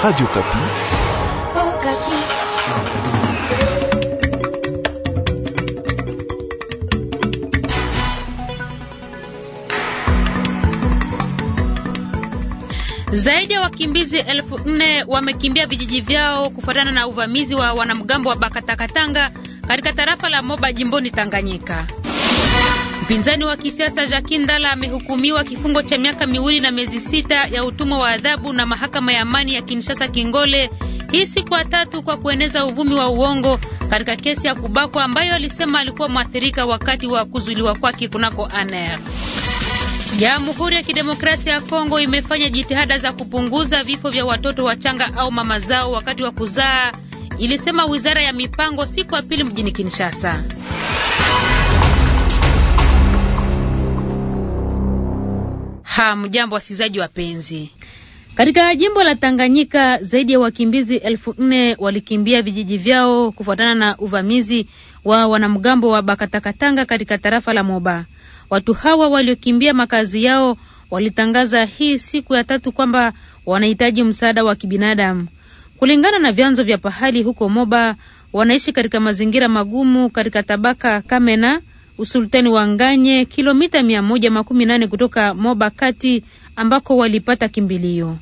Radio Kapi. Oh, Kapi. Zaidi ya wakimbizi elfu nne wamekimbia vijiji vyao kufuatana na uvamizi wa wanamgambo wa Bakatakatanga katika tarafa la Moba jimboni Tanganyika. Mpinzani wa kisiasa Jackie Ndala amehukumiwa kifungo cha miaka miwili na miezi sita ya utumwa wa adhabu na mahakama ya amani ya Kinshasa Kingole hii siku ya tatu kwa kueneza uvumi wa uongo katika kesi ya kubakwa ambayo alisema alikuwa mwathirika wakati wa kuzuiliwa kwake kunako ANR. Jamhuri ya Kidemokrasia ya Kongo imefanya jitihada za kupunguza vifo vya watoto wachanga au mama zao wakati wa kuzaa, ilisema wizara ya mipango siku ya pili mjini Kinshasa. Hamjambo wasikilizaji wapenzi. Katika jimbo la Tanganyika zaidi ya wakimbizi elfu nne walikimbia vijiji vyao kufuatana na uvamizi wa wanamgambo wa Bakatakatanga katika tarafa la Moba. Watu hawa waliokimbia makazi yao walitangaza hii siku ya tatu kwamba wanahitaji msaada wa kibinadamu. Kulingana na vyanzo vya pahali huko Moba, wanaishi katika mazingira magumu katika tabaka Kamena usultani wa Nganye, kilomita mia moja makumi nane kutoka Moba Kati, ambako walipata kimbilio.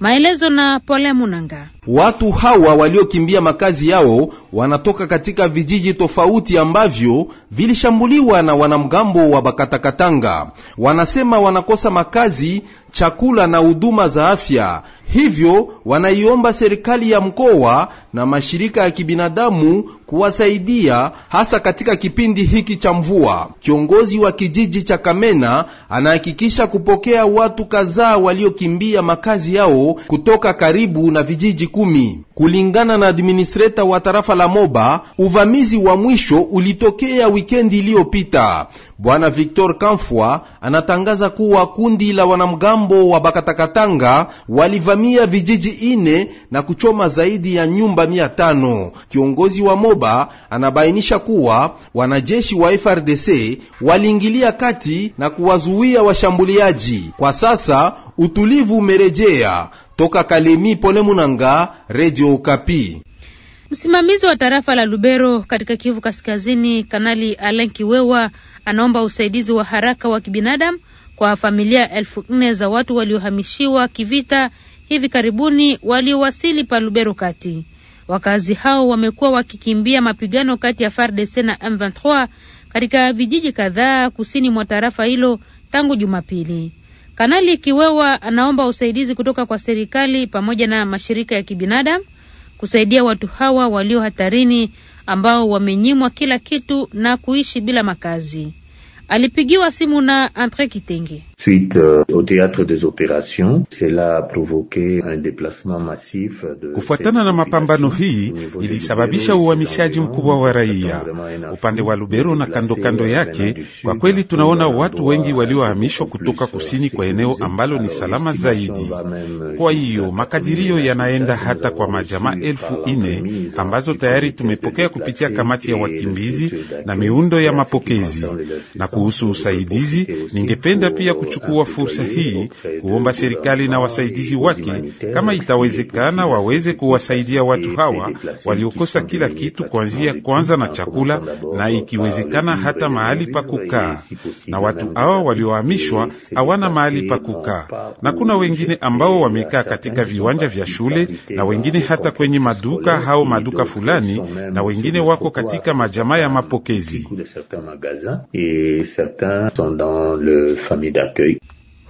Maelezo na Pole Munanga. Watu hawa waliokimbia makazi yao wanatoka katika vijiji tofauti ambavyo vilishambuliwa na wanamgambo wa Bakatakatanga. Wanasema wanakosa makazi, chakula na huduma za afya. Hivyo wanaiomba serikali ya mkoa na mashirika ya kibinadamu kuwasaidia hasa katika kipindi hiki cha mvua. Kiongozi wa kijiji cha Kamena anahakikisha kupokea watu kadhaa waliokimbia makazi yao kutoka karibu na vijiji kumi. Kulingana na administreta wa tarafa la Moba, uvamizi wa mwisho ulitokea wikendi iliyopita. Bwana Victor Kamfwa anatangaza kuwa kundi la wanamgambo wa Bakatakatanga walivamia kuvamia vijiji ine na kuchoma zaidi ya nyumba mia tano. Kiongozi wa Moba anabainisha kuwa wanajeshi wa FRDC waliingilia kati na kuwazuia washambuliaji. Kwa sasa utulivu umerejea. Toka Kalemi, Pole Munanga, Radio Okapi. Msimamizi wa tarafa la Lubero katika Kivu Kaskazini, Kanali alenki Kiwewa anaomba usaidizi wa haraka wa kibinadamu kwa familia elfu nne za watu waliohamishiwa kivita hivi karibuni waliowasili pa Lubero Kati. Wakazi hao wamekuwa wakikimbia mapigano kati ya FARDC na M23 katika vijiji kadhaa kusini mwa tarafa hilo tangu Jumapili. Kanali Kiwewa anaomba usaidizi kutoka kwa serikali pamoja na mashirika ya kibinadamu kusaidia watu hawa walio hatarini ambao wamenyimwa kila kitu na kuishi bila makazi. Alipigiwa simu na Andre Kitenge suite au théâtre des opérations. Cela a provoqué un déplacement massif de kufuatana na mapambano hii ilisababisha uhamishaji mkubwa wa raia upande wa Lubero na kando kando yake. Kwa kweli tunaona watu wengi waliohamishwa kutoka kusini kwa eneo ambalo ni salama zaidi. Kwa hiyo makadirio yanaenda hata kwa majamaa elfu ine ambazo tayari tumepokea kupitia kamati ya wakimbizi na miundo ya mapokezi. Na kuhusu usaidizi, ningependa pia kuchukua fursa hii kuomba serikali na wasaidizi wake, kama itawezekana, waweze kuwasaidia watu hawa waliokosa kila kitu, kuanzia kwanza na chakula, na ikiwezekana hata mahali pa kukaa. Na watu hawa waliohamishwa hawana mahali pa kukaa, na kuna wengine ambao wamekaa katika viwanja vya shule na wengine hata kwenye maduka au maduka fulani, na wengine wako katika majamaa ya mapokezi. Okay.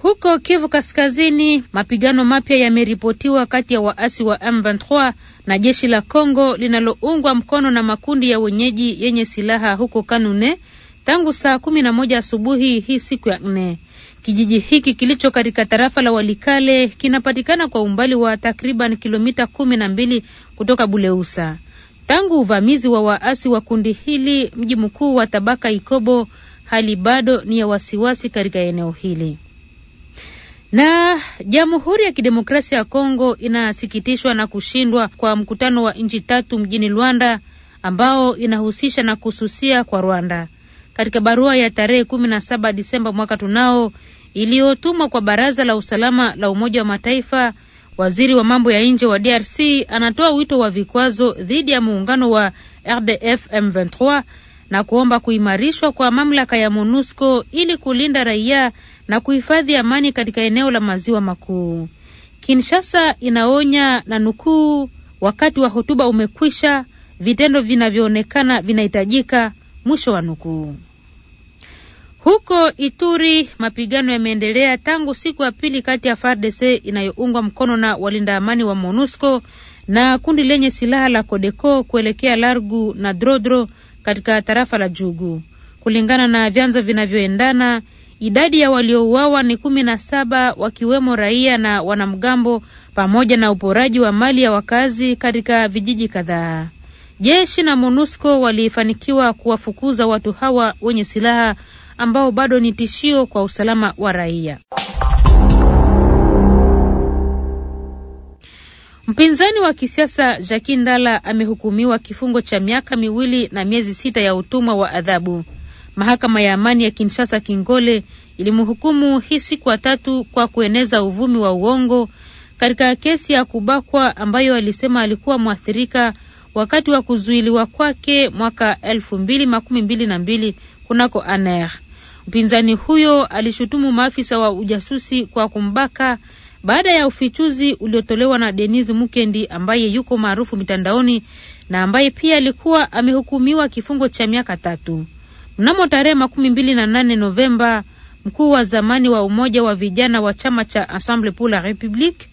Huko Kivu Kaskazini, mapigano mapya yameripotiwa kati ya waasi wa M23 na jeshi la congo linaloungwa mkono na makundi ya wenyeji yenye silaha huko Kanune tangu saa kumi na moja asubuhi hii siku ya nne. Kijiji hiki kilicho katika tarafa la Walikale kinapatikana kwa umbali wa takriban kilomita kumi na mbili kutoka Buleusa. Tangu uvamizi wa waasi wa kundi hili, mji mkuu wa tabaka Ikobo hali bado ni ya wasiwasi katika eneo hili. Na Jamhuri ya Kidemokrasia ya Kongo inasikitishwa na kushindwa kwa mkutano wa nchi tatu mjini Luanda ambao inahusisha na kususia kwa Rwanda. Katika barua ya tarehe kumi na saba Disemba mwaka tunao iliyotumwa kwa Baraza la Usalama la Umoja wa Mataifa, waziri wa mambo ya nje wa DRC anatoa wito wa vikwazo dhidi ya muungano wa RDF M23 na kuomba kuimarishwa kwa mamlaka ya MONUSCO ili kulinda raia na kuhifadhi amani katika eneo la maziwa makuu. Kinshasa inaonya na nukuu, wakati wa hotuba umekwisha, vitendo vinavyoonekana vinahitajika, mwisho wa nukuu. Huko Ituri mapigano yameendelea tangu siku ya pili kati ya FARDC inayoungwa mkono na walinda amani wa MONUSCO na kundi lenye silaha la CODECO kuelekea Largu na Drodro katika tarafa la Jugu. Kulingana na vyanzo vinavyoendana, idadi ya waliouawa ni kumi na saba wakiwemo raia na wanamgambo pamoja na uporaji wa mali ya wakazi katika vijiji kadhaa. Jeshi na MONUSCO walifanikiwa kuwafukuza watu hawa wenye silaha ambao bado ni tishio kwa usalama wa raia. Mpinzani wa kisiasa Jaki Ndala amehukumiwa kifungo cha miaka miwili na miezi sita ya utumwa wa adhabu. Mahakama ya amani ya Kinshasa Kingole ilimhukumu hii siku ya tatu kwa kueneza uvumi wa uongo katika kesi ya kubakwa ambayo alisema alikuwa mwathirika wakati wa kuzuiliwa kwake mwaka elfu mbili makumi mbili na mbili kunako Aner. Mpinzani huyo alishutumu maafisa wa ujasusi kwa kumbaka baada ya ufichuzi uliotolewa na Denis Mukendi ambaye yuko maarufu mitandaoni na ambaye pia alikuwa amehukumiwa kifungo cha miaka tatu. Mnamo tarehe makumi mbili na nane Novemba, mkuu wa zamani wa umoja wa vijana wa chama cha Assemble pour la Republique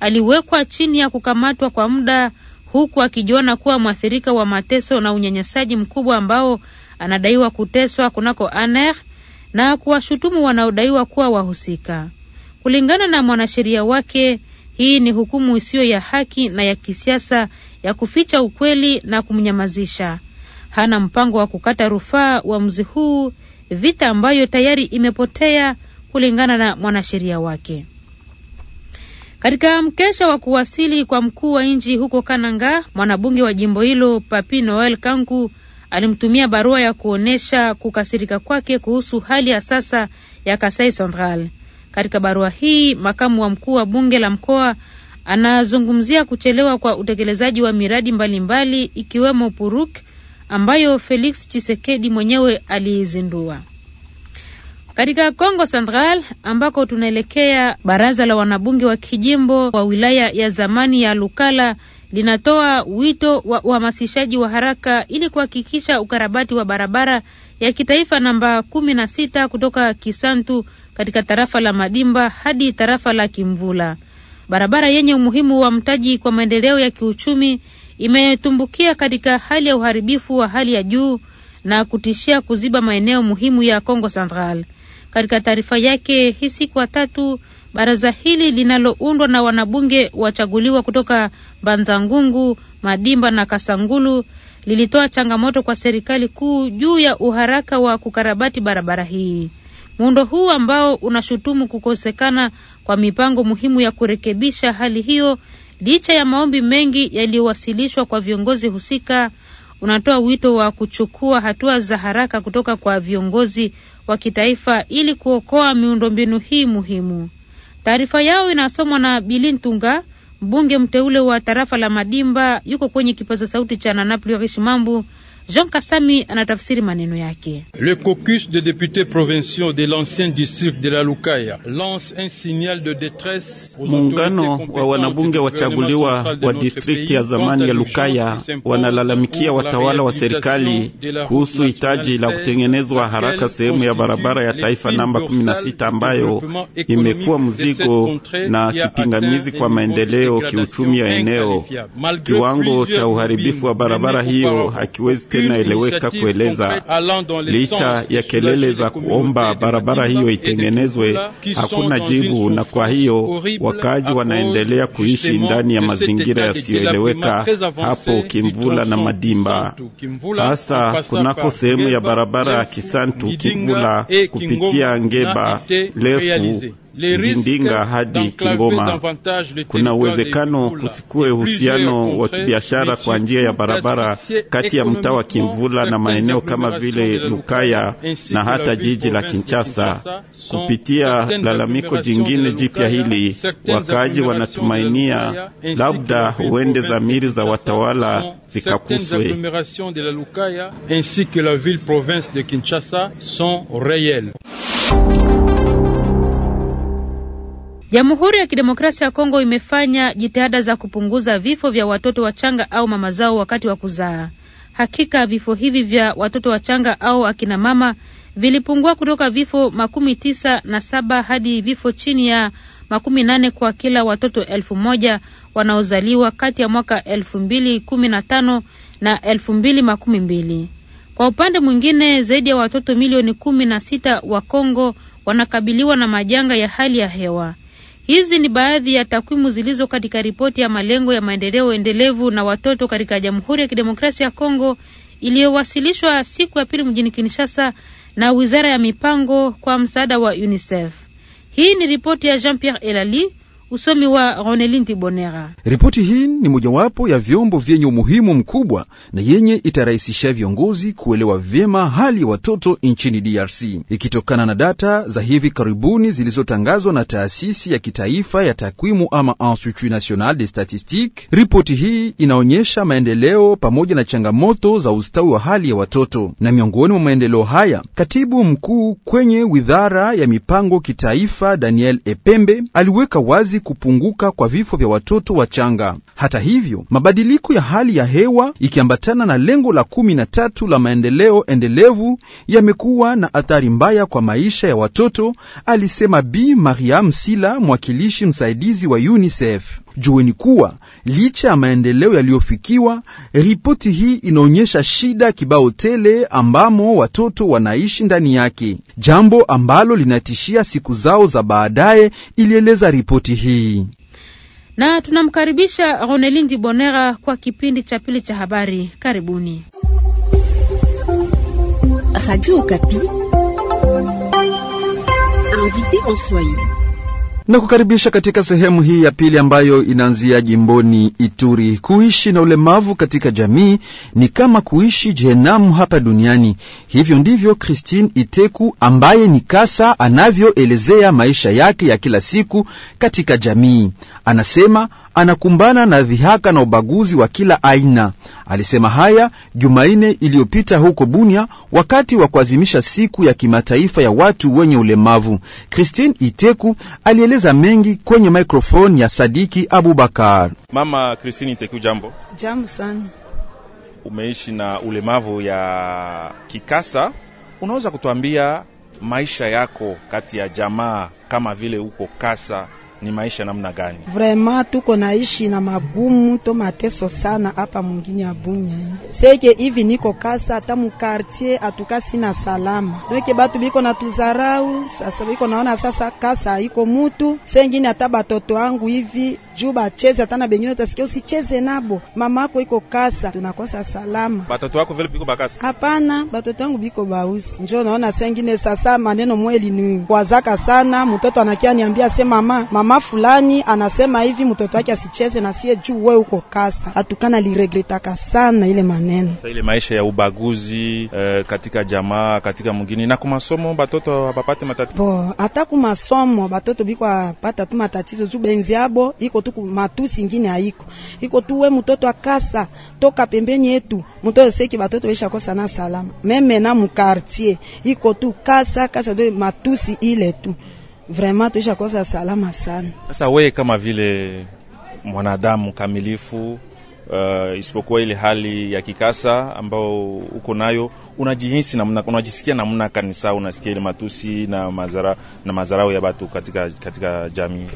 aliwekwa chini ya kukamatwa kwa muda huku akijiona kuwa mwathirika wa mateso na unyanyasaji mkubwa ambao anadaiwa kuteswa kunako aner na kuwashutumu wanaodaiwa kuwa wahusika. Kulingana na mwanasheria wake, hii ni hukumu isiyo ya haki na ya kisiasa ya kuficha ukweli na kumnyamazisha. Hana mpango wa kukata rufaa uamuzi huu, vita ambayo tayari imepotea, kulingana na mwanasheria wake. Katika mkesha wa kuwasili kwa mkuu wa nchi huko Kananga, mwanabunge wa jimbo hilo Papi Noel Kanku alimtumia barua ya kuonyesha kukasirika kwake kuhusu hali ya sasa ya Kasai Central. Katika barua hii, makamu wa mkuu wa bunge la mkoa anazungumzia kuchelewa kwa utekelezaji wa miradi mbalimbali mbali, ikiwemo Puruk ambayo Felix Chisekedi mwenyewe aliizindua. Katika congo Central ambako tunaelekea, baraza la wanabunge wa kijimbo wa wilaya ya zamani ya Lukala linatoa wito wa uhamasishaji wa haraka ili kuhakikisha ukarabati wa barabara ya kitaifa namba kumi na sita kutoka Kisantu katika tarafa la Madimba hadi tarafa la Kimvula. Barabara yenye umuhimu wa mtaji kwa maendeleo ya kiuchumi imetumbukia katika hali ya uharibifu wa hali ya juu na kutishia kuziba maeneo muhimu ya congo Central. Katika taarifa yake hii siku ya tatu, baraza hili linaloundwa na wanabunge wachaguliwa kutoka Banzangungu, Madimba na Kasangulu lilitoa changamoto kwa serikali kuu juu ya uharaka wa kukarabati barabara hii. Muundo huu ambao unashutumu kukosekana kwa mipango muhimu ya kurekebisha hali hiyo, licha ya maombi mengi yaliyowasilishwa kwa viongozi husika, unatoa wito wa kuchukua hatua za haraka kutoka kwa viongozi wa kitaifa ili kuokoa miundombinu hii muhimu. Taarifa yao inasomwa na Bilintunga. Mbunge mteule wa tarafa la Madimba yuko kwenye kipaza sauti cha Nanapli rish Mambu Jean Kasami anatafsiri maneno yake. Le caucus de députés provinciaux de l'ancien district de la Lukaya lance un signal de détresse. Muungano wa wanabunge wachaguliwa wa distrikti ya zamani ya Lukaya wanalalamikia watawala wa serikali kuhusu hitaji la kutengenezwa haraka sehemu ya barabara ya taifa namba 16 ambayo imekuwa mzigo na kipingamizi kwa maendeleo kiuchumi ya eneo. Kiwango cha uharibifu wa barabara hiyo hakiwezi inaeleweka kueleza. Licha ya kelele za kuomba barabara hiyo itengenezwe, hakuna jibu, na kwa hiyo wakaaji wanaendelea kuishi ndani ya mazingira yasiyoeleweka hapo Kimvula na Madimba, hasa kunako sehemu ya barabara ya Kisantu Kimvula kupitia Ngeba Lefu Ndinga hadi Kingoma. Kuna uwezekano kusikuwe uhusiano wa kibiashara kwa njia ya barabara kati ya mtaa wa Kimvula na maeneo kama vile Lukaya na hata jiji la Kinshasa. Kupitia lalamiko jingine jipya hili, wakaaji wanatumainia labda huende zamiri za watawala zikakuswe. Jamhuri ya Kidemokrasia ya Kongo imefanya jitihada za kupunguza vifo vya watoto wachanga au mama zao wakati wa kuzaa. Hakika vifo hivi vya watoto wachanga au akina mama vilipungua kutoka vifo makumi tisa na saba hadi vifo chini ya makumi nane kwa kila watoto elfu moja wanaozaliwa kati ya mwaka elfu mbili kumi na tano na elfu mbili makumi mbili. Kwa upande mwingine, zaidi ya watoto milioni kumi na sita wa Kongo wanakabiliwa na majanga ya hali ya hewa. Hizi ni baadhi ya takwimu zilizo katika ripoti ya malengo ya maendeleo endelevu na watoto katika Jamhuri ya Kidemokrasia ya Kongo iliyowasilishwa siku ya pili mjini Kinshasa na Wizara ya Mipango kwa msaada wa UNICEF. Hii ni ripoti ya Jean-Pierre Elali Usomi wa Ronelindi Bonera. Ripoti hii ni mojawapo ya vyombo vyenye umuhimu mkubwa na yenye itarahisisha viongozi kuelewa vyema hali ya watoto nchini DRC ikitokana na data za hivi karibuni zilizotangazwa na taasisi ya kitaifa ya takwimu ama Institut National de Statistique. Ripoti hii inaonyesha maendeleo pamoja na changamoto za ustawi wa hali ya watoto, na miongoni mwa maendeleo haya, katibu mkuu kwenye widhara ya mipango kitaifa Daniel Epembe aliweka wazi haiwezi kupunguka kwa vifo vya watoto wachanga. Hata hivyo, mabadiliko ya hali ya hewa ikiambatana na lengo la kumi na tatu la maendeleo endelevu yamekuwa na athari mbaya kwa maisha ya watoto, alisema Bi Mariam Sila, mwakilishi msaidizi wa UNICEF. Jueni kuwa licha ya maendeleo yaliyofikiwa, ripoti hii inaonyesha shida kibao tele ambamo watoto wanaishi ndani yake, jambo ambalo linatishia siku zao za baadaye, ilieleza ripoti hii. Na tunamkaribisha Ronelindi Bonera kwa kipindi cha pili cha habari. Karibuni Radio Okapi, invité en Swahili na kukaribisha katika sehemu hii ya pili ambayo inaanzia jimboni Ituri. Kuishi na ulemavu katika jamii ni kama kuishi jehenamu hapa duniani. Hivyo ndivyo Christine Iteku ambaye ni kasa anavyoelezea maisha yake ya kila siku katika jamii. Anasema anakumbana na dhihaka na ubaguzi wa kila aina. Alisema haya Jumanne iliyopita huko Bunia wakati wa kuadhimisha siku ya kimataifa ya watu wenye ulemavu. Christine Iteku alieleza mengi kwenye mikrofoni ya Sadiki Abubakar. Mama Christine Iteku, jambo. Jambo sana. Umeishi na ulemavu ya kikasa, unaweza kutuambia maisha yako kati ya jamaa kama vile huko Kasa ni maisha namna gani? Vraiment tuko naishi na magumu to mateso sana hapa mungini ya Bunya seke hivi, niko kasa hata mukartie atukasi na salama donke, batu biko na tuzarau sasa, biko naona sasa kasa iko mutu sengine, hata batoto wangu hivi juu bacheze, hata na bengine utasikia usicheze nabo, mama yako iko kasa, tunakosa salama. Batoto wako vile biko bakasa? Hapana, batoto yangu biko bausi. Njoo naona sengine sasa maneno mweli ni kwazaka sana, mtoto anakia niambia sema mama, mama fulani anasema hivi mtoto wake asicheze na sie juu wewe uko kasa. Hatukana liregretaka sana ile maneno. Sasa ile maisha ya ubaguzi uh, katika jamaa, katika mgini na kumasomo batoto hapapate matatizo. Bo, hata kumasomo batoto biko apata tu matatizo juu benzi yabo iko tu matusi ingine haiko iko tu, we mtoto akasa toka pembeni yetu, mtoto seki batoto besha kosa na salama meme na mkartier iko tu kasa kasa, do matusi ile tu vraiment tuisha kosa salama sana. Sasa we kama vile mwanadamu kamilifu Uh, isipokuwa ile hali ya kikasa ambao uko nayo, unajihisi namna, unajisikia namna kanisa, unasikia ile matusi na mazara na mazarao ya watu katika, katika jamii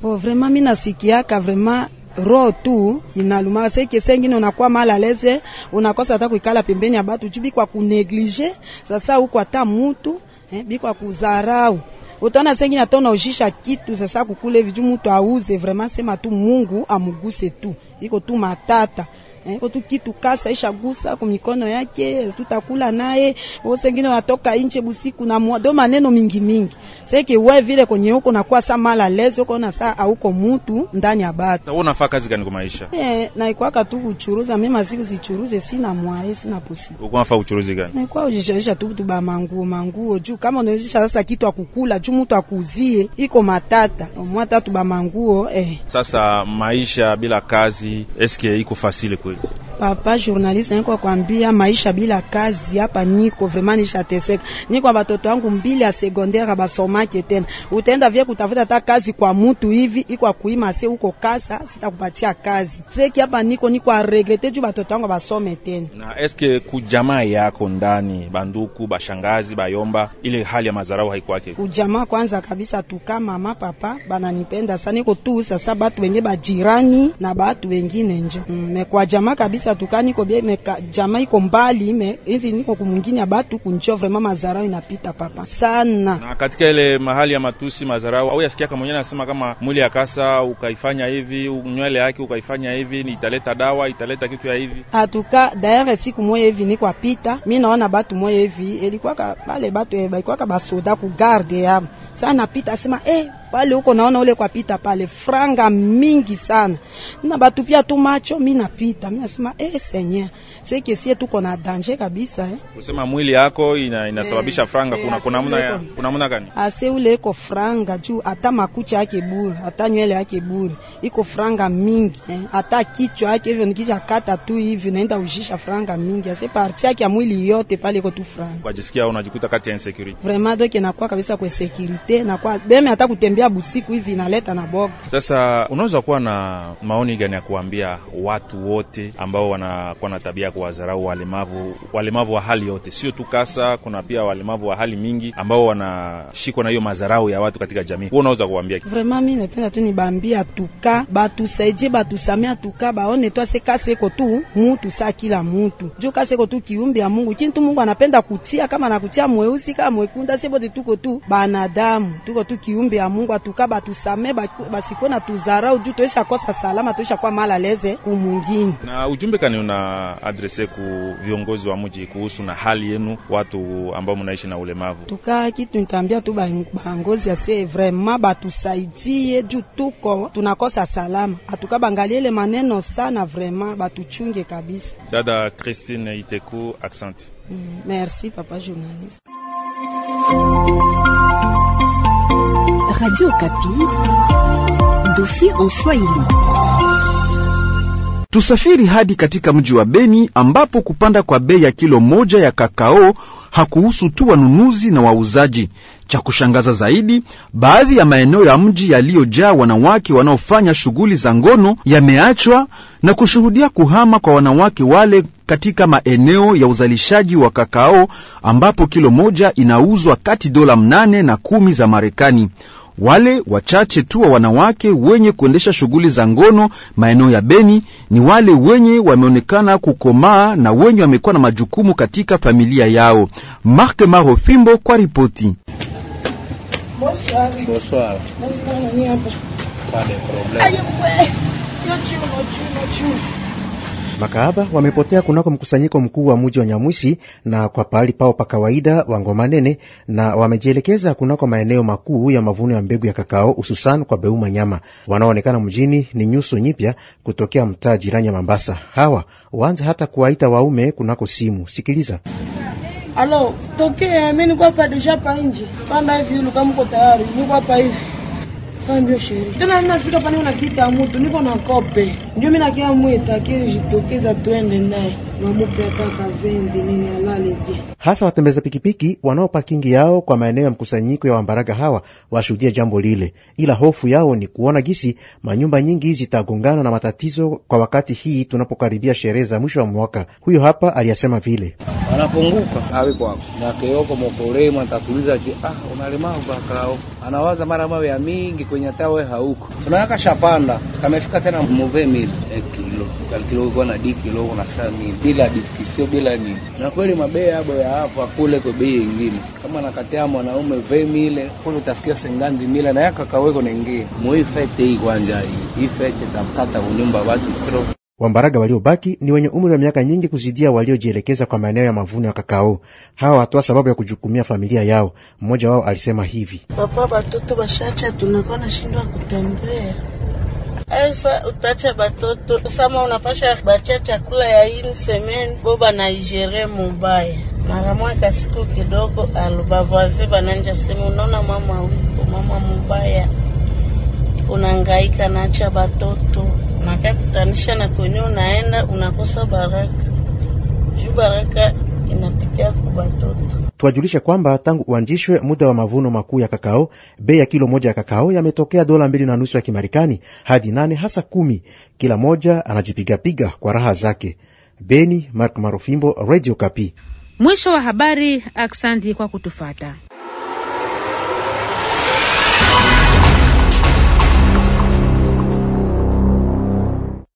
po oh, vrema mi nasikiaka vrema roho tu inaluma seke sengine unakuwa mala leze unakosa hata kuikala pembeni ya batu juu bikwa kuneglige sasa huko hata mutu eh, bikwa kuzarau utaona sengine hata unaujisha kitu sasa kukule viju mutu auze vrema sema tu Mungu amuguse tu iko tu matata eh, tukitukasa ishagusa kumikono yake, tutakula naye wosengine watoka inche busiku na mwa mwado maneno mingi mingi. Seki wewe vile kwenye huko nakuwa saa mala lezo huko na saa auko mutu ndani ya batu. Na unafaa kazi gani kumaisha maisha? Eh, na ikuwa katu uchuruza mima siku zichuruze sina mwae sina pusi. Uko unafaa kuchuruzi gani? Na ikuwa ujishaisha tu tu ba manguo manguo juu kama unaisha sasa kitu akukula juu mutu akuzie iko matata. Mwata tu ba manguo eh. Sasa maisha bila kazi eske iko fasile kwa kweli? Papa journaliste niko kwambia maisha bila kazi hapa niko vraiment nishateseka. Niko watoto wangu mbili ya secondaire basomake tena. Utaenda vye kutafuta ta kazi kwa mtu hivi iko kuima se huko kasa sitakupatia kazi. Seki hapa niko niko a regrete juu watoto wangu basome tena. Na eske ku jamaa yako ndani banduku bashangazi bayomba ile hali ya madharau haiko yake. jamaa kwanza kabisa tu kama mama papa bananipenda sana niko tu sasa batu wengine bajirani na batu wengine nje. Mm, kwa jamaa jamaa kabisa tukani niko bie me ka, jamaa iko mbali me hizi niko kumungine batu kunjio vraiment mazarao inapita papa sana. Na katika ile mahali ya matusi mazarao au yasikia kama mwenyewe anasema kama mwili ya kasa ukaifanya hivi, nywele yake ukaifanya hivi, ni italeta dawa, italeta kitu ya hivi. Atuka daire siku moja hivi niko apita, mimi naona batu moja hivi ilikuwa pale batu ilikuwa eh, basoda ku garde ya sasa napita asema eh, pale huko naona ule kwa pita pale franga mingi sana, na pia tu macho. Mimi napita mimi nasema eh, senye sike sie tuko na danger kabisa eh, usema mwili yako ina, inasababisha eh, franga eh, kuna kuna muna ya, kuna muna gani ase ah, ule iko franga juu, hata makucha yake bure, hata nywele yake bure, iko franga mingi eh, hata kichwa yake hivyo, nikija kata tu hivi naenda ujisha franga mingi, ase ah, parti yake ya mwili yote pale iko tu franga. Unajisikia unajikuta kati ya insecurity vraiment, donc inakuwa kabisa kwa security te na kwa beme hata kutembea busiku hivi inaleta na boga. Sasa unaweza kuwa na maoni gani ya kuambia watu wote ambao wanakuwa na tabia ya kuwadharau walemavu, walemavu wa hali yote, sio tu kasa, kuna pia walemavu wa hali mingi ambao wanashikwa na hiyo madharau ya watu katika jamii. Wewe unaweza kuambia Vraiment mimi napenda tu nibambia tuka batusaidie, batusamia, tuka baone twase kasa iko tu mutu saa kila mutu juu kasa iko tu kiumbe ya Mungu, kintu Mungu anapenda kutia kama anakutia mweusi kama mwekunda, sebote tuko tu banadamu binadamu, tuko tu kiumbi ya Mungu, atuka batusame basikuwe na tuzarau juu tuisha kosa salama, tuisha kwa mala leze kumungini. Na ujumbe kani una adrese ku viongozi wa mji kuhusu na hali yenu watu ambao mnaishi na ulemavu? Tukaa kitu nitambia tu bangozi ase vraiment batusaidie juu tuko tunakosa salama, atukabangaliele maneno sana, vraiment batuchunge kabisa. Dada Christine Iteku, accent. Mm, merci papa journaliste. Radio Kapi, dossier en Swahili. Tusafiri hadi katika mji wa Beni ambapo kupanda kwa bei ya kilo moja ya kakao hakuhusu tu wanunuzi na wauzaji. Cha kushangaza zaidi, baadhi ya maeneo ya mji yaliyojaa wanawake wanaofanya shughuli za ngono yameachwa na kushuhudia kuhama kwa wanawake wale katika maeneo ya uzalishaji wa kakao ambapo kilo moja inauzwa kati dola mnane na kumi za Marekani. Wale wachache tu wa wanawake wenye kuendesha shughuli za ngono maeneo ya Beni ni wale wenye wameonekana kukomaa na wenye wamekuwa na majukumu katika familia yao. Mark Maro Fimbo kwa ripoti. Makahaba wamepotea kunako mkusanyiko mkuu wa muji wa Nyamwisi na kwa pahali pao pa kawaida Wangomanene, na wamejielekeza kunako maeneo makuu ya mavuno ya mbegu ya kakao, hususan kwa Beuma Nyama. Wanaoonekana mjini ni nyuso nyipya kutokea mtaa jirani ya Mambasa. Hawa waanza hata kuwaita waume kunako simu. Sikiliza. Alo, tokea mimi niko hapa deja pa nje. Panda hivi ulu kama uko tayari. Niko hapa hivi. Sasa sheri. Tena ninafika mtu, niko na kope. Ndio mimi nakia mwita jitokeza twende naye hasa watembeza pikipiki wanaopa kingi yao kwa maeneo ya mkusanyiko ya wambaraga hawa washuhudia jambo lile, ila hofu yao ni kuona gisi manyumba nyingi zitagongana na matatizo kwa wakati hii tunapokaribia sherehe za mwisho wa mwaka. Huyo hapa aliyasema vile anapunguka awe kwako na keoko mokoremo atakuuliza je, ah, unalemavu bakao, anawaza mara mawe ya mingi kwenye tawe hauko tunawaka shapanda kamefika tena muvemi mili kilo kilo kwa na diki kilo kuna saa mimi bila diki sio bila nini, na kweli mabei hapo ya hapo kule kwa bei nyingine, kama nakatea mwanaume vemi ile kule utasikia sengandi mila na yaka kaweko naingia mwi fete hii kwanja hii hii fete tamkata kunyumba watu tro Wambaraga waliobaki ni wenye umri wa miaka nyingi kuzidia waliojielekeza kwa maeneo ya mavuno ya kakao. Hawa watoa sababu ya kujukumia familia yao. Mmoja wao alisema hivi: papa, batoto bashacha, tunakuwa nashindwa kutembea Aisa utacha batoto sama unapasha bacha chakula ya ini semeni boba naigere mubaya mara mwaka siku kidogo alubavazi bananja sema, unaona mama wiko mama mubaya unangaika nacha batoto nakakutanisha na kwenye unaenda unakosa baraka juu baraka Tuwajulishe kwamba tangu uanzishwe muda wa mavuno makuu ya kakao, bei ya kilo moja ya kakao yametokea dola mbili na nusu ya Kimarekani hadi nane hasa kumi. Kila moja anajipigapiga kwa raha zake. Beni, Mark Marofimbo, Radio Kapi. Mwisho wa habari. Aksandi kwa kutufata.